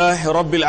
الله رب العالمين